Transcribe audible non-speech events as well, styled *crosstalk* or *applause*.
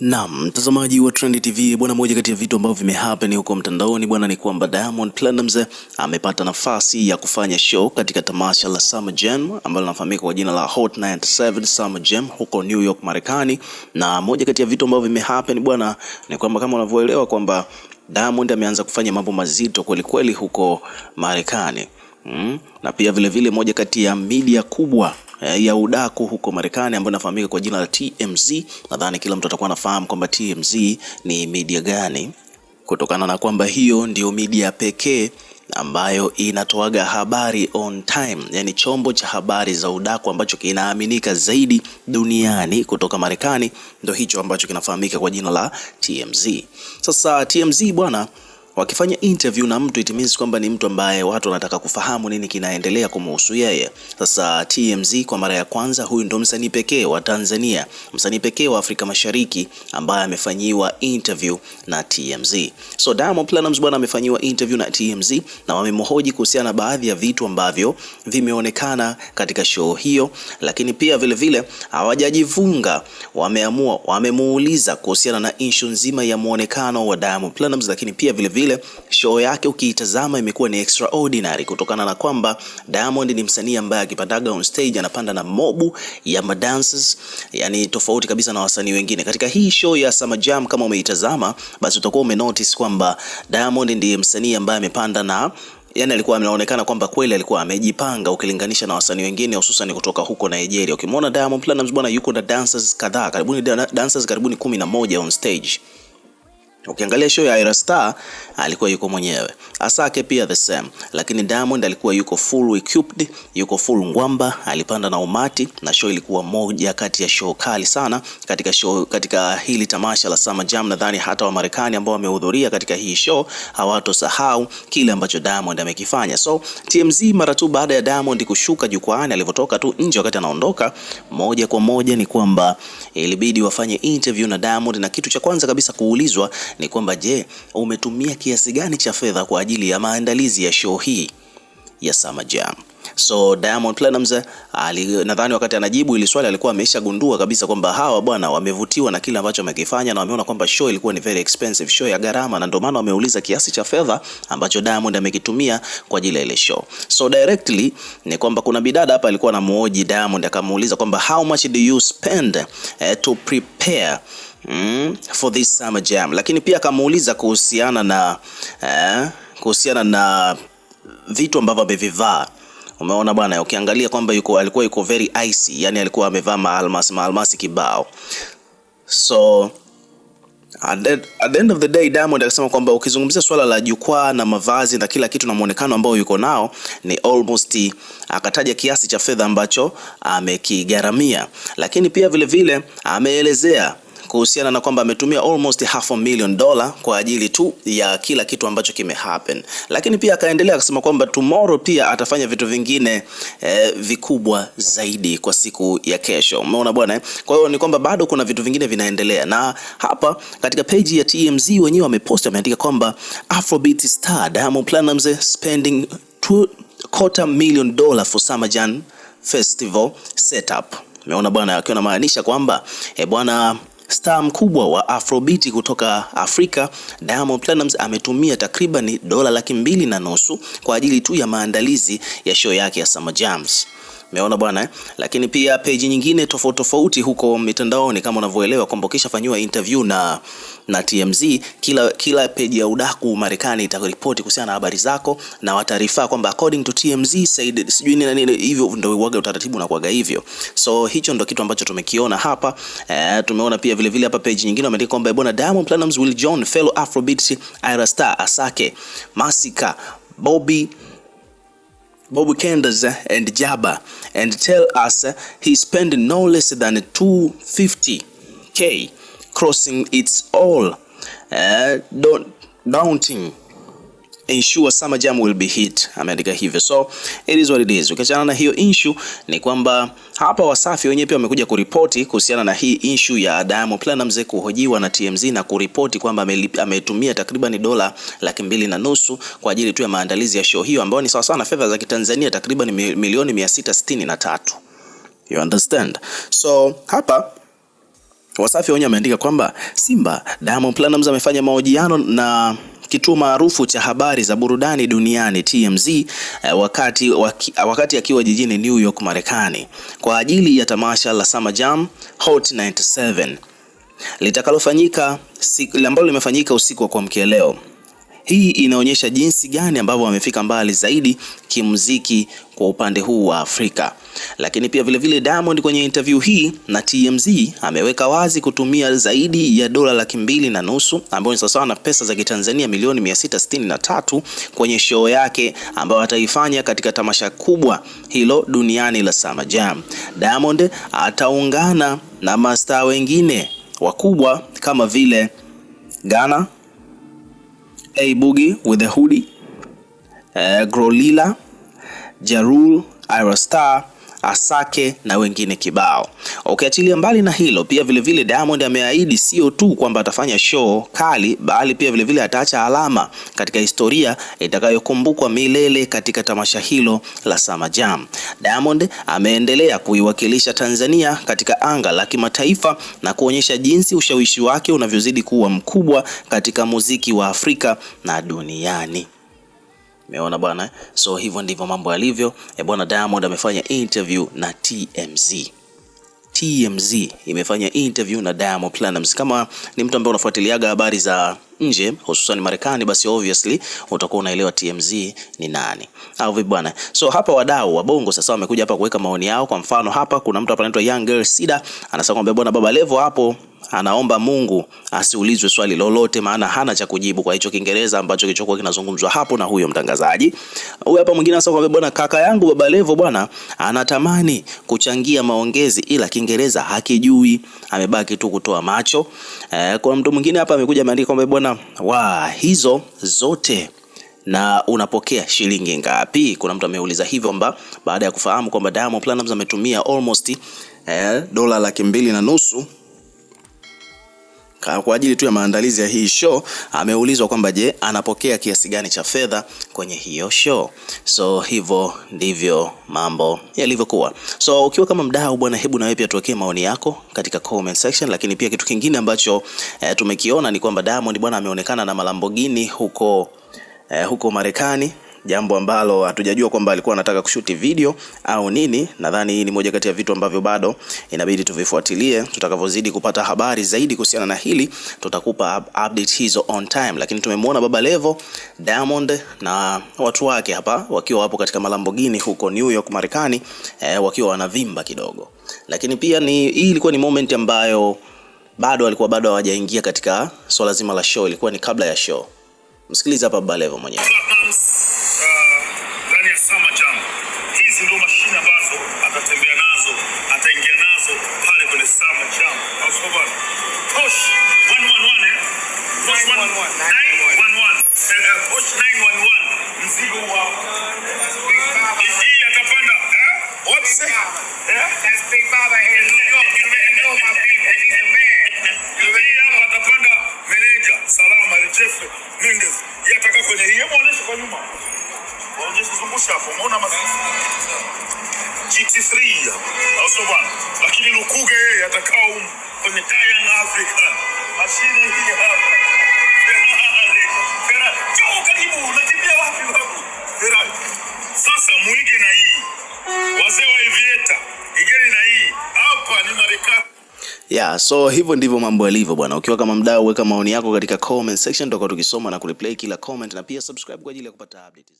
Naam, mtazamaji wa Trend TV bwana, moja kati ya vitu ambavyo vimehappen huko mtandaoni bwana ni kwamba Diamond Platnumz amepata nafasi ya kufanya show katika tamasha la Summer Jam ambalo linafahamika kwa jina la Hot 97 Summer Jam huko New York Marekani, na moja kati ya vitu ambavyo vimehappen bwana ni kwamba kama unavyoelewa kwamba Diamond ameanza kufanya mambo mazito kwelikweli huko Marekani. Mm, na pia vilevile vile moja kati ya media kubwa Eh, ya udaku huko Marekani ambayo inafahamika kwa jina la TMZ. Nadhani kila mtu atakuwa anafahamu kwamba TMZ ni media gani, kutokana na kwamba hiyo ndio media pekee ambayo inatoaga habari on time, yani chombo cha habari za udaku ambacho kinaaminika zaidi duniani kutoka Marekani, ndo hicho ambacho kinafahamika kwa jina la TMZ. Sasa TMZ bwana wakifanya interview na mtu it means kwamba ni mtu ambaye watu wanataka kufahamu nini kinaendelea kumhusu yeye. Sasa TMZ kwa mara ya kwanza, huyu ndo msanii pekee wa Tanzania, msanii pekee wa Afrika Mashariki ambaye amefanyiwa interview na TMZ. So Diamond Platnumz bwana amefanyiwa interview na TMZ na wamemhoji kuhusiana na baadhi ya vitu ambavyo vimeonekana katika show hiyo, lakini pia vilevile hawajajivunga wameamua, wamemuuliza kuhusiana na issue nzima ya muonekano wa Diamond Platnumz, lakini pia vile vile show yake ukiitazama imekuwa ni extraordinary kutokana na kwamba Diamond ni msanii ambaye akipandaga on stage anapanda na mobu ya madances, yani tofauti kabisa na wasanii wengine. Katika hii show ya Summer Jam kama umeitazama, basi utakuwa umenotice kwamba Diamond ndiye msanii ambaye amepanda na yani alikuwa ameonekana kwamba kweli alikuwa amejipanga ukilinganisha na wasanii wengine hususan kutoka huko Nigeria. Ukimwona Diamond Platnumz bwana, yuko na dancers kadhaa, karibuni dancers karibuni kumi na moja on stage. Ukiangalia show ya Ira Star alikuwa yuko mwenyewe, Asake pia the same, lakini Diamond alikuwa yuko full equipped, yuko full ngwamba, alipanda na umati na show ilikuwa moja kati ya show kali sana katika show, katika hili tamasha la Summer Jam. Nadhani hata wa Marekani ambao wamehudhuria katika hii show hawatosahau kile ambacho Diamond amekifanya. So TMZ mara tu baada ya Diamond kushuka jukwaani, alivyotoka tu nje wakati anaondoka, moja kwa moja ni kwamba ilibidi wafanye interview na Diamond, na kitu cha kwanza kabisa kuulizwa ni kwamba je, umetumia kiasi gani cha fedha kwa ajili ya maandalizi ya show hii ya Summer Jam? So Diamond Platnumz nadhani wakati anajibu ili swali alikuwa ameishagundua kabisa kwamba hawa bwana wamevutiwa na kile ambacho amekifanya na wameona kwamba show ilikuwa ni very expensive show ya gharama, na ndio maana wameuliza kiasi cha fedha ambacho Diamond amekitumia kwa ajili ya ile show. So directly ni kwamba kuna bidada hapa alikuwa anamhoji Diamond, akamuuliza kwamba how much do you spend eh, to prepare mm, for this summer jam, lakini pia akamuuliza kuhusiana na eh, kuhusiana na vitu ambavyo amevivaa. Umeona bwana, ukiangalia kwamba yuko alikuwa yuko very icy, yani alikuwa amevaa maalmasi maalmasi kibao. So at the end of the day Diamond akasema kwamba ukizungumzia swala la jukwaa na mavazi na kila kitu na muonekano ambao yuko nao ni almost, akataja kiasi cha fedha ambacho amekigaramia, lakini pia vile vile ameelezea kuhusiana na kwamba ametumia almost half a million dollar kwa ajili tu ya kila kitu ambacho kime happen. lakini pia akaendelea akasema kwamba tomorrow pia atafanya vitu vingine eh, vikubwa zaidi kwa siku ya kesho. Umeona bwana eh? Kwa hiyo ni kwamba bado kuna vitu vingine vinaendelea, na hapa katika page ya TMZ wenyewe wamepost, wameandika kwamba Afrobeat star Diamond Platnumz spending two quarter million dollar for Summer Jam festival setup. Umeona bwana, akiwa anamaanisha kwamba eh bwana Star mkubwa wa Afrobeat kutoka Afrika, Diamond Platnumz ametumia takriban dola laki mbili na nusu kwa ajili tu ya maandalizi ya show yake ya Summer Jams. Umeona bwana eh? Lakini pia page nyingine tofauti tofauti huko mitandaoni kama unavyoelewa kwamba ukishafanywa interview na na TMZ, kila kila page ya udaku Marekani itaripoti kuhusiana na habari zako na watarifa kwamba according to TMZ said sijui nini na nini, hivyo ndio uaga utaratibu na kuaga hivyo. So hicho ndio kitu ambacho tumekiona hapa. E, tumeona pia vile vile hapa page nyingine wameandika kwamba bwana Diamond Platnumz will join fellow Afrobeat Ira Star, Asake, Masika, Bobby Bob Kenders and Jabba and tell us he spent no less than 250k crossing its all uh, daunting ensure summer jam will be hit, ameandika hivyo, so it is what it is. Ukiachana na hiyo issue, ni kwamba hapa Wasafi wenyewe pia wamekuja kuripoti kuhusiana na hii issue ya Diamond Platnumz kuhojiwa na TMZ na kuripoti kwamba ametumia takriban dola laki mbili na nusu kwa ajili tu ya maandalizi ya show hiyo ambayo ni sawasawa na fedha za Kitanzania takriban milioni na tatu. You understand? So hapa Wasafi wenyewe ameandika kwamba Simba Diamond Platnumz amefanya mahojiano na kituo maarufu cha habari za burudani duniani TMZ eh, wakati, eh, wakati akiwa jijini New York Marekani kwa ajili ya tamasha la Summer Jam Hot 97 litakalofanyika ambalo limefanyika usiku wa kuamkia leo. Hii inaonyesha jinsi gani ambavyo wamefika mbali zaidi kimuziki kwa upande huu wa Afrika. Lakini pia vilevile Diamond kwenye interview hii na TMZ ameweka wazi kutumia zaidi ya dola laki mbili na nusu ambayo ni sawasawa na pesa za Kitanzania milioni tatu kwenye show yake ambayo ataifanya katika tamasha kubwa hilo duniani la Summer Jam. Diamond ataungana na mastaa wengine wakubwa kama vile Ghana A Boogie with a hoodie, uh, Grolila, Jarul, Ira Star Asake na wengine kibao. Ukiachilia okay, mbali na hilo pia vilevile Diamond ameahidi sio tu kwamba atafanya show kali, bali pia vilevile ataacha alama katika historia itakayokumbukwa milele katika tamasha hilo la Sama Jam. Diamond ameendelea kuiwakilisha Tanzania katika anga la kimataifa na kuonyesha jinsi ushawishi wake unavyozidi kuwa mkubwa katika muziki wa Afrika na duniani. Umeona bwana, eh? so hivyo ndivyo mambo yalivyo eh, bwana. Diamond amefanya interview na TMZ. TMZ imefanya interview na Diamond Platnumz. Kama ni mtu ambaye unafuatiliaga habari za nje hususan Marekani, basi obviously utakuwa unaelewa TMZ ni nani au vipi bwana. So hapa wadau wa Bongo sasa wamekuja hapa kuweka maoni yao. Kwa mfano hapa kuna mtu hapa anaitwa Young Girl Sida anasema kwamba bwana Baba Levo hapo anaomba Mungu asiulizwe swali lolote, maana hana cha kujibu kwa hicho Kiingereza ambacho kilichokuwa kinazungumzwa hapo na huyo mtangazaji. Huyu hapa mwingine sasa kwambia, bwana kaka yangu Baba Levo bwana anatamani kuchangia maongezi, ila Kiingereza hakijui, amebaki tu kutoa macho. E, eh, kwa mtu mwingine hapa amekuja ameandika kwamba bwana wa hizo zote na unapokea shilingi ngapi? Kuna mtu ameuliza hivyo, mba baada ya kufahamu kwamba Diamond Platnumz ametumia almost eh, dola laki mbili na nusu kwa ajili tu ya maandalizi ya hii show. Ameulizwa kwamba je, anapokea kiasi gani cha fedha kwenye hiyo show. So hivyo ndivyo mambo yalivyokuwa. So ukiwa kama mdau bwana, hebu na wewe pia tuwekee maoni yako katika comment section, lakini pia kitu kingine ambacho eh, tumekiona ni kwamba Diamond bwana ameonekana na Lamborghini huko eh, huko Marekani jambo ambalo hatujajua kwamba alikuwa anataka kushuti video au nini. Nadhani hii ni moja kati ya vitu ambavyo bado inabidi tuvifuatilie. Tutakavyozidi kupata habari zaidi kuhusiana na hili, tutakupa update hizo on time, lakini tumemwona Baba Levo, Diamond na watu wake hapa wakiwa wapo katika Malambogini huko New York Marekani, eh, wakiwa wanavimba kidogo, lakini pia ni hii ilikuwa ni moment ambayo bado alikuwa bado hawajaingia katika swala so zima la show, ilikuwa ni kabla ya show. Msikilize hapa Baba Levo mwenyewe. over. Push 111, eh? Push 911. *laughs* Push 911. Mzigo wako. Hii atapanda. What? Yeah? That's Big Baba here. You know, you know my people. He's *laughs* the man. Hii hapa atapanda meneja. Salama, Jeffrey Mingus. Yeye ataka kwenye hii. Hebu onyesha kwa nyuma. Onyesha zungusha hapo. Umeona masisi? GT3 hapa. Au sio bwana? Lakini Lukuge yeye atakaa huko ya Ferrari. Ferrari. karibu, unakimbia wapi Ferrari. Sasa na hii. Wazee wa igeni na hii. Hapa ni Marekani. Yeah, so hivyo ndivyo mambo yalivyo bwana. Ukiwa kama mdau, weka maoni yako katika comment section, tutakuwa tukisoma na kureplay kila comment, na pia subscribe kwa ajili ya kupata updates.